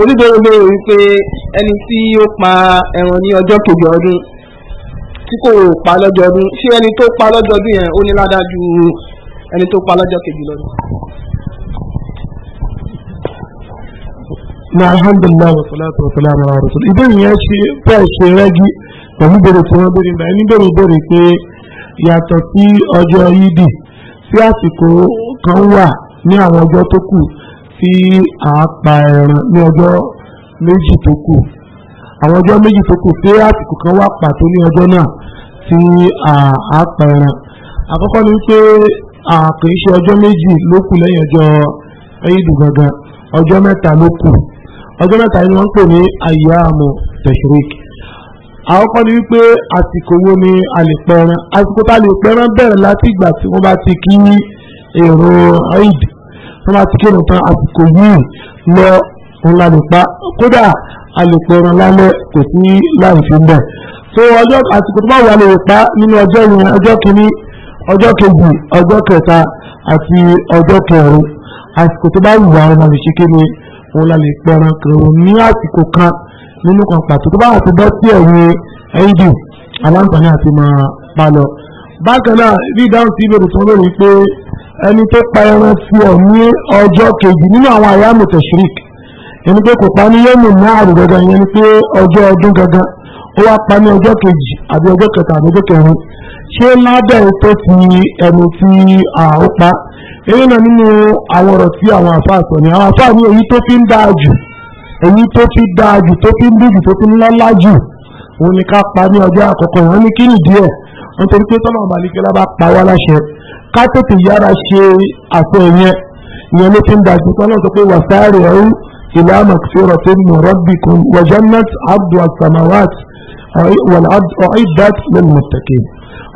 oníbẹ̀rẹ̀ lérò wípé ẹni tí ó pa ẹran ní ọjọ́ kejì ọdún tí kò pa lọ́jọ́ ọdún ṣé ẹni tó pa lọ́jọ́ ọdún yẹn ó ní ládájú ẹni tó pa lọ́jọ́ kejì lọ́dún. na alhamdulillah wa salatu wa salam ala rasul ìbéèrè yẹn ṣe bẹ́ẹ̀ ṣe rẹ́gí pẹ̀lú bèrè tí wọ́n bèrè nígbà ẹni bèrè bèrè pé yàtọ̀ sí ọjọ́ yídì sí àsìkò kan wà ní àwọn ọjọ́ tó kù tí a pa ẹran ní ọjọ́ méjì tó kù àwọn ọjọ́ méjì tó kù tí àsìkò kan wà pàtó ní ọjọ́ náà tí a pa ẹran àkọ́kọ́ ni pé kì í ṣe ọjọ́ méjì ló kù lẹ́yìn ọjọ́ ẹ̀yìn gangan ọjọ́ mẹ́ta ló kù ọjọ́ mẹ́ta ni wọ́n ń pè ní ayyamu tashrik àkọ́kọ́ ni wípé àsìkò wo ni a lè pẹran àsìkò tá a lè pẹran bẹ̀rẹ̀ láti ìgbà tí wọ́n bá ti kí èrò eid tó bá ti tán àsìkò yìí lọ òun pa kódà a lè pẹ̀rọ lálẹ́ kò sí láì fi bẹ̀. tó ọjọ́ àsìkò tó bá wà lè pa nínú ọjọ́ yẹn ọjọ́ kìíní ọjọ́ kejì ọjọ́ kẹta àti ọjọ́ kẹrin àsìkò tó bá wù wá ọ̀nà lè ṣe kéde òun la lè pẹ̀rọ kẹrin ní àsìkò kan nínú kan pàtó tó bá wà ti bọ́ sí ẹ̀yìn ẹ́ńjì aláǹfààní àti máa pa lọ. bákan náà rí dáhùn sí ìbéèrè ẹni tó pa ẹran sí ọ ní ọjọ́ kejì nínú àwọn àyàmù tẹ̀síríkì ẹni pé kò pa ní yẹ́mù náàrù gangan yẹn ni pé ọjọ́ ọdún gangan ó wá pa ní ọjọ́ kejì àbí ọjọ́ kẹta àbí ọjọ́ kẹrin ṣé lábẹ́ tó ti ẹnu tí àwọn pa èyí náà nínú àwọn ọ̀rọ̀ tí àwọn àfáà sọ ni àwọn àfáà ní èyí tó fi ń dáa jù èyí tó fi dáa jù tó fi ń dùn jù tó fi ń lọ́lá jù òun ni ká pa ní ọjọ́ àkọ́kọ́ ìwọ́n ní kí nìdí ẹ̀ nítorí pé tọ́lọ̀ màlíkẹ́lá bá pa wá láṣẹ ká tètè yára ṣe àfọ ẹ̀yẹn ìyẹn ló fi ń dájú tán náà sọ pé wàsáàrì ọ̀hún ila magfiratin min rabbikum wa jannat abdu as-samawat wal-'iddat lil muttaqin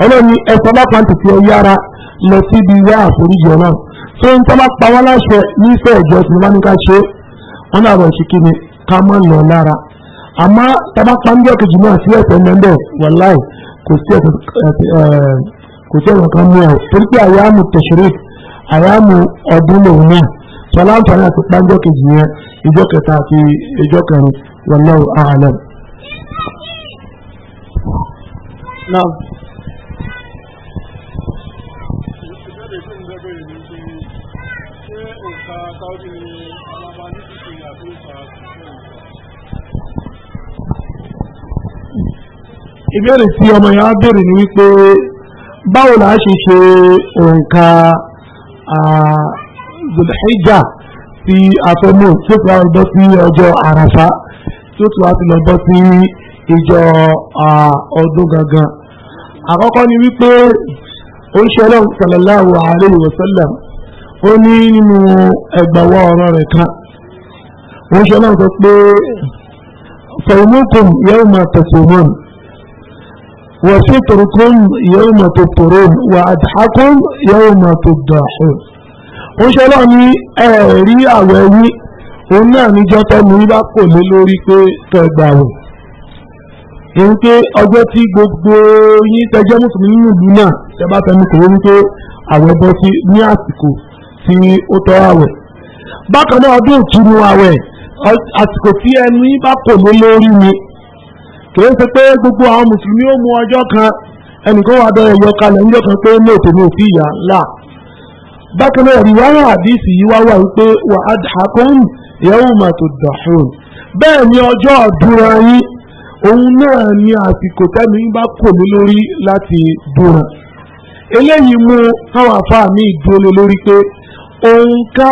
ọlọ́ni ẹ̀sọ́ bá pàǹtì fi yára lọ síbi ìwé àforíjì náà tó ń tọ́ bá pa wọ́n láṣẹ nífẹ̀ẹ́ ìjọ tí ní ká ṣe wọ́n náà rọ̀ sí kí ni ká má lọ lára àmọ́ tọ́ bá pa ń jọ́ kejì náà sí ẹ̀sẹ̀ mẹ́ńdọ̀ wàláì kò sí ọ̀nà kan mú ẹ̀ torí pé àyàmù tẹ̀sírìf àyàmù ọdún lòun náà sọlá ń fara àti pàǹjọ́ kejì yẹn ìjọ kẹta àti ìjọ kẹrin wallahu a'lam. Now, ìbéèrè tí ọmọ yẹn á béèrè ni wípé báwo la ṣe ṣe òǹkà zulhijja tí a fẹ́ mú tí ó ti wá bọ́ sí ọjọ́ àràfá tí ó ti wá ti lọ bọ́ sí ìjọ ọdún gangan àkọ́kọ́ ni wípé ó ń ṣe ọlọ́run sallallahu alayhi wa sallam ó ní nínú ẹgbàwọ́ ọ̀rọ̀ rẹ̀ kan ó ń ṣe ọlọ́run sọ pé fẹ̀mùkùn yawma tasumun وفطركم يوم تفطرون وأضحكم يوم تضحون ó ṣẹlẹ̀ ní ẹ̀rí àwẹ̀ wí òun náà níjọ́ tẹ́mu yín bá kò lé lórí pé kẹgbàwẹ̀ èyí pé ọjọ́ tí gbogbo yín tẹjẹ́ mùsùlùmí nínú ìlú náà tẹ bá tẹnu kò wọ́n pé àwẹ̀ bọ́ sí ní àsìkò tí ó tọ́ àwẹ̀ bákan náà ọdún ìtúnu àwẹ̀ àsìkò tí ẹnu yín bá kò lé lórí ni kìí ṣe pé gbogbo àwọn mùsùlùmí ó mú ọjọ́ kan ẹnìkan wà bẹ̀rẹ̀ yọ kalẹ̀ kan pé ní ní òfin ìyá ńlá bákan náà àdìsí yìí wá wà wípé wà á ni ọjọ́ ọ̀dúnra yín òun náà ni àsìkò bá kò lórí láti dúnra eléyìí mú káwọn afáàmì ìdúró lórí pé òun ká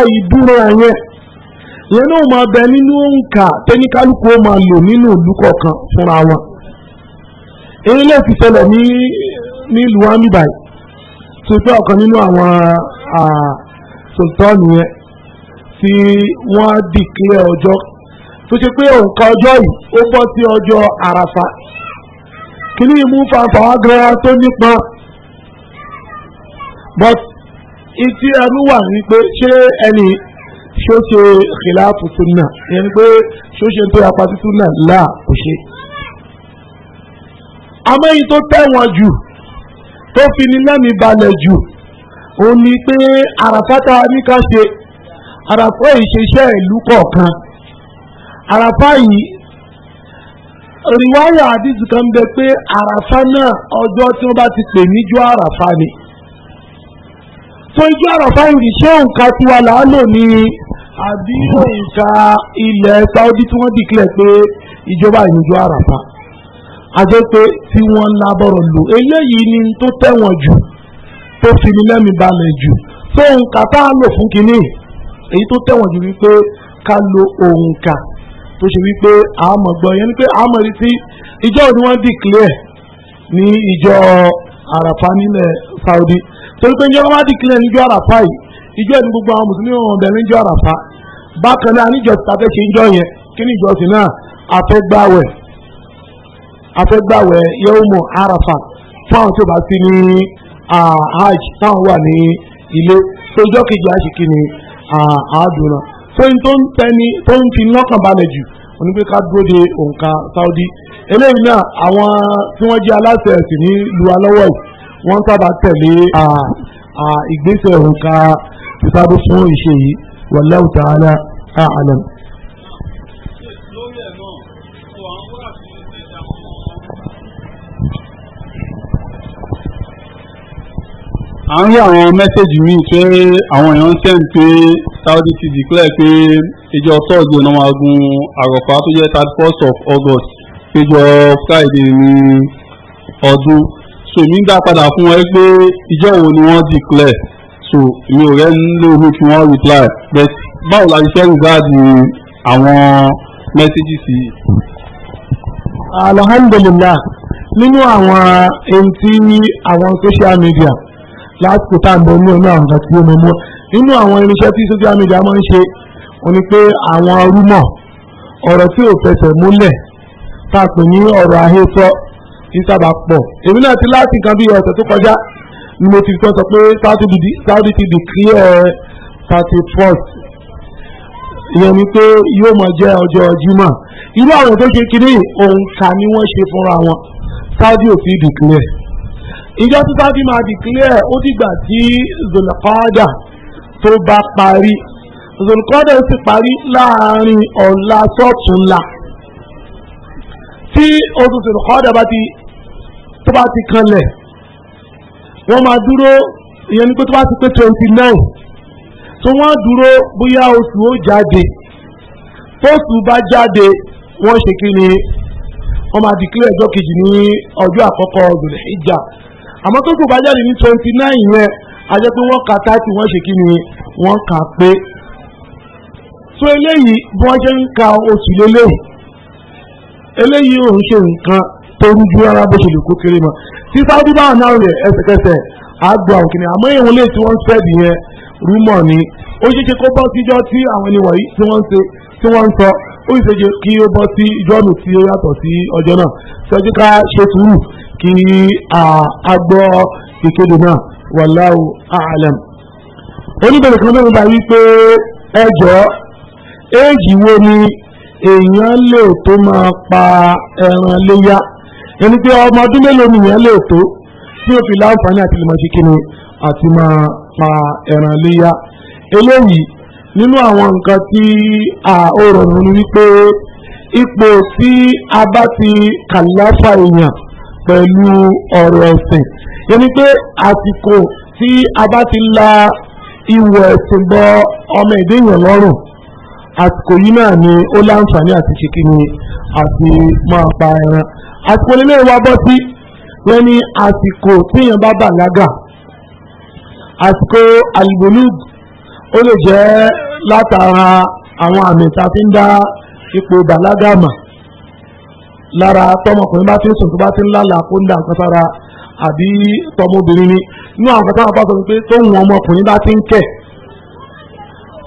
ìyẹn náà máa bẹ nínú òǹkà tẹ́níkálukú ó máa lò nínú ìlú kọ̀ọ̀kan fúnra wọn èyí lè fi ṣẹlẹ̀ ní nílùú amíbàyí tó pé ọ̀kan nínú àwọn sultan yẹn tí wọ́n dìklẹ̀ ọjọ́ tó ṣe pé òǹkà ọjọ́ yìí ó bọ́ sí ọjọ́ àràfà kìíní ìmú fanfà wá gan tó nípa but ìtí ẹnu wà ní pé ṣé ẹni ṣó ṣe khilafu sunna ìyẹn ni pé ṣó ṣe ń tó yapa sí sunna là kò ṣe. amẹ́yìn tó tẹ̀wọ̀n jù tó fi ní lẹ́mìí balẹ̀ jù òun ni pé àràfátà ní ká ṣe àràfá ìṣeṣẹ́ ìlú kọ̀ọ̀kan àràfá yìí riwaya àdìsí kan bẹ pé àràfá náà ọjọ́ tí wọ́n bá ti pè níjọ́ àràfá ni. so ijó àràfá yìí ṣé òǹkà tiwa là á lò ní àbí òǹkà ilẹ̀ Saudi tí wọ́n dìklẹ̀ pé ìjọba ìrìnàjò àràfà àjọ pé tí wọ́n ń labọ̀rọ̀ lò eléyìí ni tó tẹ̀wọ̀n jù tó fi ní lẹ́mìí balẹ̀ jù tó òǹkà tá a lò fún kínní èyí tó tẹ̀wọ̀n jù wípé ká lo òǹkà tó ṣe wípé àmọ̀ gbọ́ yẹn ni pé àmọ̀ rí sí ìjọ ni wọ́n dìklẹ̀ ní ìjọ àràfà nílẹ̀ Saudi torí pé ìjọba wọ́n dìklẹ̀ níjọ àràfà yìí ìjọ ẹni gbogbo àwọn mùsùlùmí ọ̀hún ọ̀bẹ̀rin jọ àràfà bákan náà níjọsìn tá a fẹ́ ṣe ń jọ yẹn kí ni ìjọsìn náà afẹ́gbàwẹ̀ afẹ́gbàwẹ̀ yẹ́wùmọ̀ arafa fáwọn tó bá sí ní hajj táwọn wà ní ilé tó jọ́ kejì àṣìkí ni àádùnà tó ń tó ń tẹni tó ń fi lọ́kàn balẹ̀ jù òní pé ká dúró de òǹkà Saudi eléyìí náà àwọn tí wọ́n jẹ́ aláṣẹ ẹ̀sìn ní luwa lọ́wọ́ yìí wọ́n sábà tẹ̀lé ìgbésẹ̀ òǹkà ìsábò fún ìṣe yìí wallahu ta'ala a'lam. à ń rí àwọn mẹ́sẹ̀gì míì pé àwọn èèyàn ń tẹ̀m pé Saudi ti declare pé ìjọ thursday ọ̀nà máa gun àròpá tó jẹ́ thirty first of August ìjọ friday ní ọdún sòmí dá padà fún wọn pé ìjọ wo ni wọ́n declare so ìyẹn ò rẹ lóru kí wọ́n reply but báwo la ṣe fẹ́ rìgáàdì àwọn messages yìí. alhamdulillah nínú àwọn ẹni tí àwọn social media lásìkò tá à ń bọ ní ọ̀nà àwọn kan tí ó mọ mọ́ nínú àwọn irinṣẹ́ tí social media máa ń ṣe wọ́n ní pé àwọn rúmọ̀ ọ̀rọ̀ tí ò fẹsẹ̀ múlẹ̀ tá a pè ní ọ̀rọ̀ àhesọ ìsábàpọ̀ èmi náà ti láti nǹkan bí ọ̀sẹ̀ tó kọjá ni mo ti sọ pé Saudi ti declare thirty first ìyẹn ni pé yóò máa jẹ́ ọjọ́ Jímọ̀ irú àwọn tó ṣe kiri òǹkà ni wọ́n ṣe fúnra wọn Saudi ò fi declare ìjọ tí Saudi máa declare ó dìgbà tí Zulqada tó bá parí Zulqada ó sì parí láàrin ọ̀la sọ́túnla tí oṣù Zulqada bá ti kanlẹ̀ wọ́n máa dúró ìyẹn ní pé tó bá ti pé twenty nine tó wọ́n dúró bóyá oṣù ó jáde tóṣù bá jáde wọ́n ṣe kí ni wọ́n máa dìklẹ́ ọjọ́ kejì ní ọjọ́ àkọ́kọ́ ọdún ìjà àmọ́ tóṣù bá jáde ní twenty nine yẹn a jẹ́ pé wọ́n ka táàtì wọ́n ṣe kí ni wọ́n kà pé tó eléyìí bí wọ́n ṣe ń ka oṣù lélẹ́yìí eléyìí ò ń ṣe nǹkan tó rújú rárá bó ṣe lè kó kéré mọ́ tí sáúdí bá àná rẹ̀ ẹsẹ̀kẹsẹ̀ àgbà òkìní àmọ́ èèwọ̀n lè tí wọ́n ń sẹ́ẹ̀dì yẹn rúmọ̀ ni ó ṣeé ṣe kó bọ́ sí ijọ́ tí àwọn ènìyàn yìí tí wọ́n ṣe tí wọ́n sọ ó ṣeé ṣe kí ó bọ́ sí ijọ́ tí ó yàtọ̀ sí ọjọ́ náà ṣẹ́jú ká ṣe sùúrù kí a gbọ́ ìkéde náà wallahu a'lam. oníbẹ̀rẹ̀ kan lóun bá wí pé ẹjọ́ éèjì wo ni èèyàn lè tó máa pa ẹran léyà ẹni pé ọmọ ọdún mélòó nìyẹn lè tó tí ó fi láǹfààní àti lèmọ̀ ṣe kíni àti máa pa ẹran léyà eléyìí nínú àwọn nǹkan tí ó rọrùn ni wípé ipò tí a bá ti kàláfà èèyàn pẹ̀lú ọ̀rọ̀ ẹ̀sìn yẹni pé àsìkò tí a bá ti la ìwọ̀ ẹ̀sìn bọ ọmọ ìdíyàn lọ́rùn àsìkò yìí náà ni ó láǹfààní àti ṣe ni àti máa pa ẹran àsìkò nílé wa bọ́ sí wọ́n ní àsìkò tíyàn bá bàlágà àsìkò alìbòlúùb ó lè jẹ́ látara àwọn àmì tá a fi ń dá ipò bàlágà mà lára tọmọkùnrin bá ti ń sùn tó bá ti ń lálàá kó ń dà nǹkan sára àbí tọmọbìnrin ni inú àwọn kan táwọn bá sọ pé tóun ọmọkùnrin bá ti ń kẹ̀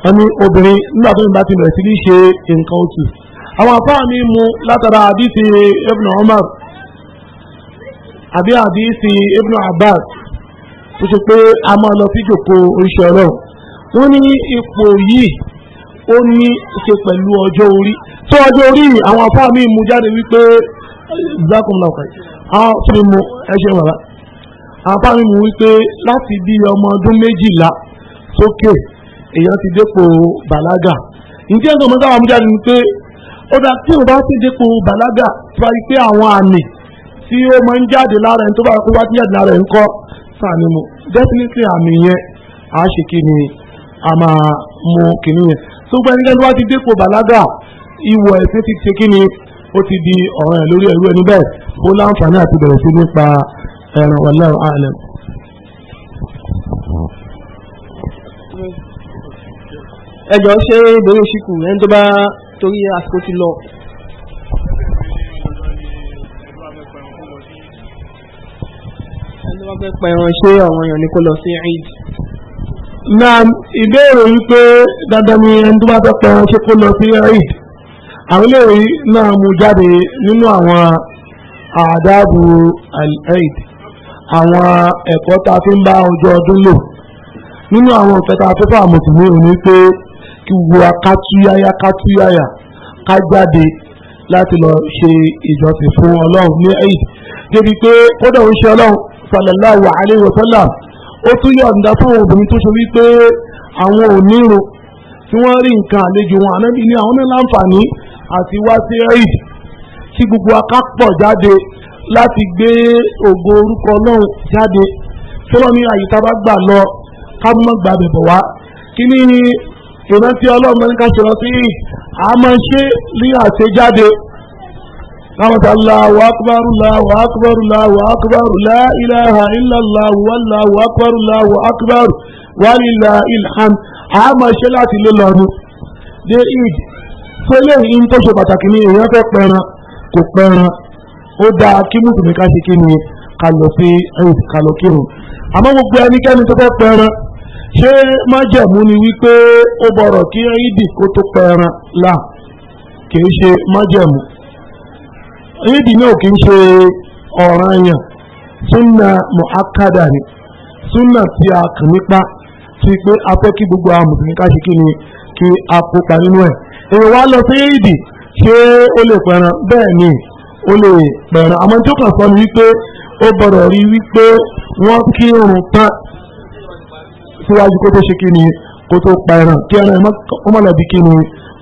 wọ́n ní obìnrin nígbà tó ń bá ti bẹ̀rẹ̀ sí ní ṣe nǹkan oṣù àwọn àfáà mi mú látara àdífi ibn Umar àbí àdífi ibn Abbas tó ṣe pé a máa lọ sí ìjòkó oríṣi ọ̀rọ̀ wọ́n ní ipò yìí ó ní ṣe pẹ̀lú ọjọ́ orí tó ọjọ́ orí àwọn àfáà mi mú jáde wípé ìzákùnlá àwọn tó mú ẹṣẹ́ bàbá àwọn àfáà mi mú wípé láti bí ọmọ ọdún méjìlá sókè. Okay èèyàn ti dépò bàlágà ǹjẹ́ ẹ̀sọ́ mọ́tà àmújá ni pé ó dá tí o bá ti dépò bàlágà tó bá yí pé àwọn àmì tí ó máa ń jáde lára ẹni tó bá wá ti jáde lára ẹni kọ́ sàmì mu definitely àmì yẹn a ṣe kí ni a máa mú kìnìún yẹn tó gbẹ́ ní ẹni wá ti dépò bàlágà ìwọ̀ ẹ̀sìn ti ṣe kí ni ó ti di ọ̀ràn ẹ̀ lórí ẹ̀rú ẹni bẹ́ẹ̀ ó láǹfààní àti bẹ̀rẹ̀ sí nípa ẹ̀ràn wàlẹ́ àlẹ́. ẹjọ́ ṣé borí òṣìkù ẹni tó bá torí àsìkò ti lọ. ẹni tó bá fẹ́ pa ẹran ṣé àwọn èèyàn ní kó lọ sí eid. náà ìbéèrè wípé dandan ni ẹni tó bá fẹ́ pa ẹran ṣé kó lọ sí eid. àwọn iléèwé náà mú jáde nínú àwọn àdáàbò al-eid àwọn ẹ̀kọ́ tá a fi ń bá ọjọ́ ọdún lò nínú àwọn ọ̀fẹ́ tá àmọ̀tìmí òní pé láti wura ká túyáyá ká túyáyá ká jáde láti lọ ṣe ìjọsìn fún ọlọ́run ní eid débi pé kódà ń ṣe ọlọ́run sallallahu alaihi wasallam ó tún yọ̀ǹda fún obìnrin tó ṣe wípé àwọn ò nírun tí wọ́n rí nǹkan àlejò wọn ànábì ní àwọn ní láǹfààní àti wá sí eid tí gbogbo akápọ̀ jáde láti gbé ògo orúkọ ọlọ́run jáde tó lọ́ ní àyíká bá gbà lọ ká mọ́ gbàbẹ̀ bọ̀ wá kí ni ìrántí ọlọ́run ní ká ṣọ̀rọ̀ sí a máa ṣe ní àṣejáde láwọn ta Allahu akbar Allahu akbar Allahu akbar la ilaha illallah wallahu akbar Allahu akbar walillahil hamd a máa ṣe láti lé lọ́nu dé id tó eléyìí ń tó ṣe pàtàkì ní èèyàn fẹ́ pẹran kò pẹran ó dáa kí mùsùlùmí ká ṣe kí ni ká sí ká kírun àmọ́ gbogbo ẹnikẹ́ni tó fẹ́ pẹran ṣé májẹ̀mú ni wípé ó bọ̀rọ̀ kí ìdì kó tó là kìí ṣe májẹ̀mú ìdì náà kìí ṣe ọ̀ràn yàn súnà mọ̀ákádà ni súnà tí a kàn nípa ti pé a fẹ́ gbogbo ni kí a kópa nínú ẹ̀ èrò wa lọ sí ìdì ṣé ó lè pẹran bẹ́ẹ̀ ni ó lè pẹran àmọ́ tó kàn sọ ni wípé ó bọ̀rọ̀ wípé wọ́n kírun tán síwájú kó tó ṣe kí ni kó tó pa ẹran kí ẹran ẹ̀ má lọ bí kí ni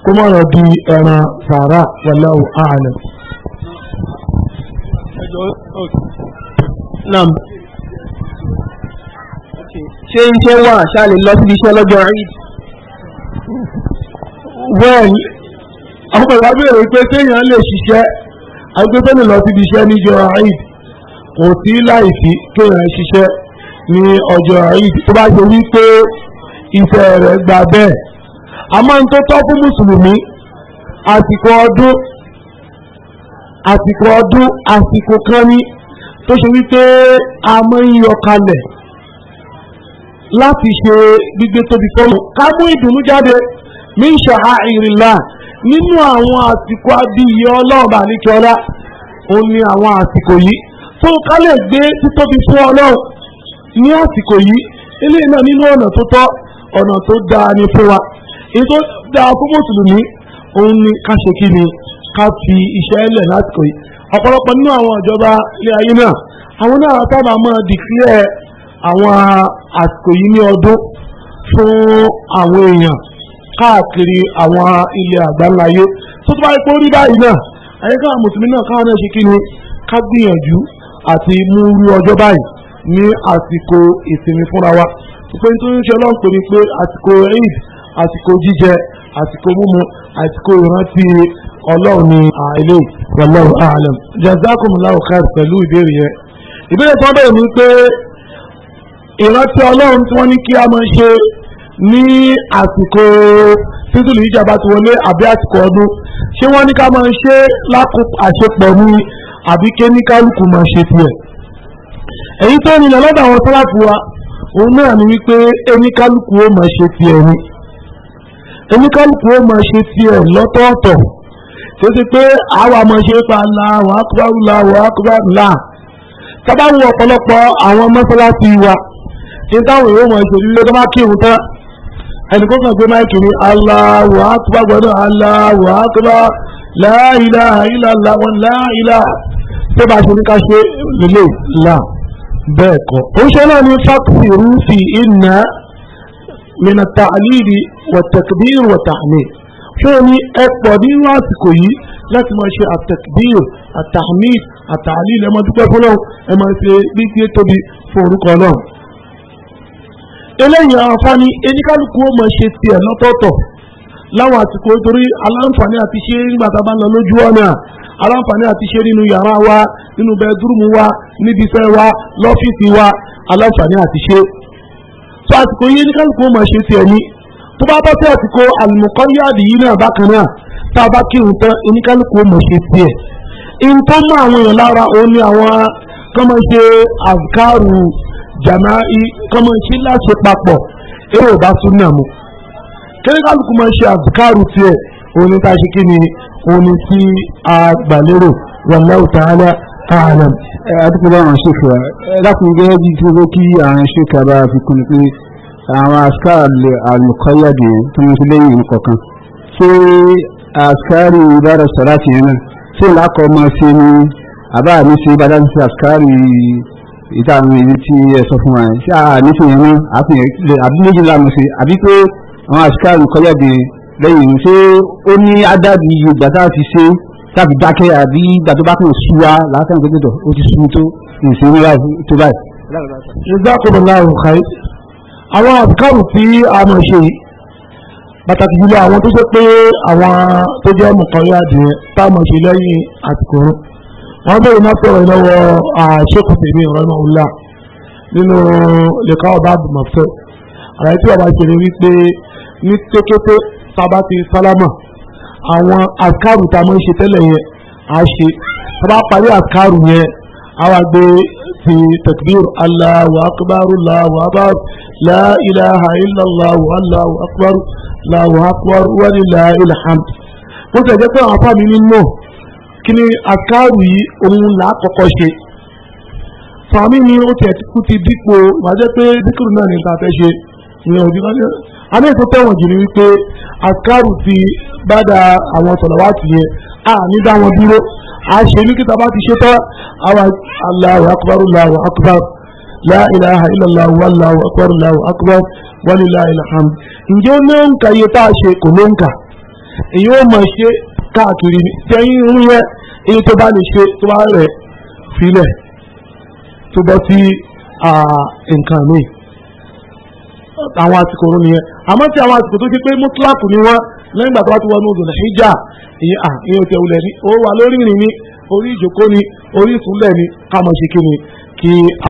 kó má lọ bí ẹran sàárà wallahu a'lam. nam ṣé ń tó wà ṣáàlì lọ síbi iṣẹ́ lọ́jọ́ eid. well ọmọ ìwà béèrè pé kéèyàn lè ṣiṣẹ́ agbẹ́fẹ́ lè lọ síbi iṣẹ́ níjọ́ eid kò sí láì sí kéèyàn ṣiṣẹ́ ní ọjọ́ eid tó bá ṣe wípé iṣẹ́ rẹ̀ gba bẹ́ẹ̀ àmọ́ n tó tọ́ fún mùsùlùmí àsìkò ọdún àsìkò ọdún àsìkò kan ní tó ṣe wípé a máa ń yọ kalẹ̀ láti ṣe gbígbé tóbi fọ́nù ká mú ìdùnnú jáde min sha'airillah nínú àwọn àsìkò abiyẹ ọlọ́ọ̀bà àníkẹ́ọ́lá òun ni àwọn àsìkò yìí fún ká lè gbé títóbi fún ọlọ́run ní àsìkò yìí ilé náà nínú ọ̀nà tó tọ́ ọ̀nà tó dáa ni fún wa èyí tó dáa fún mùsùlùmí òun ni ká ṣe kí ni ká fi iṣẹ́ lẹ̀ lásìkò yìí ọ̀pọ̀lọpọ̀ nínú àwọn ìjọba ilé ayé náà àwọn náà sábà máa dìklẹ́ àwọn àsìkò yìí ní ọdún fún àwọn èèyàn káàkiri àwọn ilé àgbáńláyé tó tó bá yẹ kó rí báyìí náà àyíká mùsùlùmí náà káwọn náà ṣe kí ni ká gbìyànjú àti mú irú ọjọ́ báyìí ní àsìkò ìsinmi fúnra wa pé nítorí ṣe ọlọ́run pè ní pé àsìkò eid àsìkò jíjẹ àsìkò mímu àsìkò ìrántí ọlọ́run ní àìlè wallahu a'lam jazakumullahu khair pẹ̀lú ìbéèrè yẹn ìbéèrè tó bẹ̀rẹ̀ ni pé ìrántí ọlọ́run tí wọ́n ní kí a máa ṣe ní àsìkò títúlù ìjàmbá ti wọlé àbí àsìkò ọdún ṣé wọ́n ní ká máa ṣe lákòó àṣepọ̀ ní àbí kéníkálukú máa ṣe tiẹ̀ èyí tó ní lọ́dọ̀ àwọn sálàfù wa òun náà ni wípé oníkálukú ó máa ṣe ti ẹni oníkálukú ó máa ṣe ti ẹ̀ lọ́tọ̀ọ̀tọ̀ tó ti pé àwa máa ṣe pa láwọ̀ akúbárù láwọ̀ akúbárù láà tábàwù ọ̀pọ̀lọpọ̀ àwọn mọ́sálásí wa ní táwọn èèyàn máa ṣe lílé tó bá kírun tán ẹnì kó kàn gbé máìkì ní Allahu akbar gbọ́dọ̀ Allahu akbar la ilaha illallah wa la tó bá ṣe ní ká ṣe lélẹ̀ láà bẹ́ẹ̀ kọ́ ó ṣe náà ní fákìtì rúfì iná mina tàlídì wàtàkìdìr wàtàmì ṣé o ní ẹ pọ̀ nínú àsìkò yìí láti máa ṣe àtàkìdìr àtàmì àtàlídì ẹ máa dúpẹ́ fọlọ́ ẹ máa ṣe bí tóbi fún orúkọ náà eléyìí àwọn afáàní eníkálukú ó máa ṣe tiẹ̀ lọ́tọ̀ọ̀tọ̀ láwọn àsìkò torí aláǹfààní àti ṣe nígbà tá a bá ń lọ lójú ọ̀nà aláǹfààní àti ṣe nínú yàrá wa nínú bẹẹdúrúmù wa níbi iṣẹ́ wa lọ́fíìsì wa aláǹfààní àti ṣe. tó àsìkò yìí ní kálukú máa ṣe tiẹ̀ ní tó bá bá tó àsìkò àlùmọ̀kọ́yáàdì yìí náà bákan náà tá a bá kírun tán oníkálukú máa ṣe tiẹ̀. in tó mú àwọn èèyàn lára òun ni àwọn kọ́ máa jàmáì kọ́ láṣepapọ̀ èrò bá tún náà mu kẹ́ríkàlùkù máa ṣe àbùkárù tiẹ̀ òní tá a kí ni òní tí a gbà lérò wallahu ta'ala a'lam. àdúgbò àwọn ṣèkà lákùnrin gẹ́gẹ́ bíi tí ó kí àwọn ṣèkà bá fi kún pé àwọn àṣkárì àlùkọ́yàdì tó ń fi lẹ́yìn kọ̀ọ̀kan ṣé àṣkárì ìbára sọ̀rọ̀ àti yẹn náà ṣé làákọ̀ máa ṣe ni àbá mi ṣe bá dáhùn sí àṣkárì ìta àwọn èyí tí sọ fún wa ṣé àníṣe yẹn náà àbí méjìlá mo ṣe àbí pé àwọn àṣìkáàrù kọjáde lẹ́yìn ṣé ó ní ádàbí iye ìgbà tá a fi ṣe tàbí dákẹ́ àbí ìgbà tó bá kàn sú wa lásán pé tó ó ti sú tó ìṣeré tó báyìí. ìdákùnrin láàrú káyé àwọn àṣìkáàrù tí a mọ̀ ṣe pàtàkì jùlọ àwọn tó ṣe pé àwọn tó jẹ́ mọ̀kànlá adìyẹ tá a mọ̀ ṣe lẹ́yìn àtìkò wọ́n bẹ̀rẹ̀ náà sọ̀rọ̀ lọ́wọ́ àṣekùtèmí ìrọ̀lọ́wọ́lá nínú lẹ́kọ̀ọ́ bá bùmọ̀ fẹ́ àlàyé tí bàbá ṣe ni wípé ní kékété tábà ti sálámà àwọn àkàrù tá a máa ń ṣe tẹ́lẹ̀ yẹn á ṣe tábà parí àkàrù yẹn á wá gbé ti takbir Allahu akbar Allahu akbar la ilaha illallah Allahu akbar Allahu akbar wa lillahil hamd bó ṣe jẹ́ pé àwọn afá mi nínú kí ni àkàrù yìí òun là ṣe fàmí ni ó tiẹ̀ kú ti dípò wàá pé díkùrù náà ní ta fẹ́ ṣe ìyẹn òbí bá lẹ́rọ. àmì ètò tẹ̀wọ̀n jù ni wípé àkàrù ti bàdà àwọn sọ̀rọ̀ wá ti yẹ a ní dá wọn dúró a ṣe ní kíta bá ti ṣe tán àwọn Allahu akbar Allahu akbar la ilaha illallah wallahu akbar Allahu akbar walillahil hamd. ǹjẹ́ ó ló ń ka iye tá a ṣe kò ló ń kà èyí ó mọ̀ ṣe káàkiri tẹ́yìn ń yẹ èyí tó bá lè ṣe tó bá rẹ̀ filẹ̀ tó bọ́ sí nǹkan míì àwọn àsìkò òun nìyẹn àmọ́ tí àwọn àsìkò tó ti pé mọ́tíláàkù ni wọ́n lẹ́yìn ìgbà tó ti wọnú ọdún nàìjíríà ìyẹn à ìyẹn òtẹ̀ òlẹ̀ ni ó wà lórí ìrìn ni orí ìjòkó ni orí ìsúnlẹ̀ ni ká ṣe kí ni kí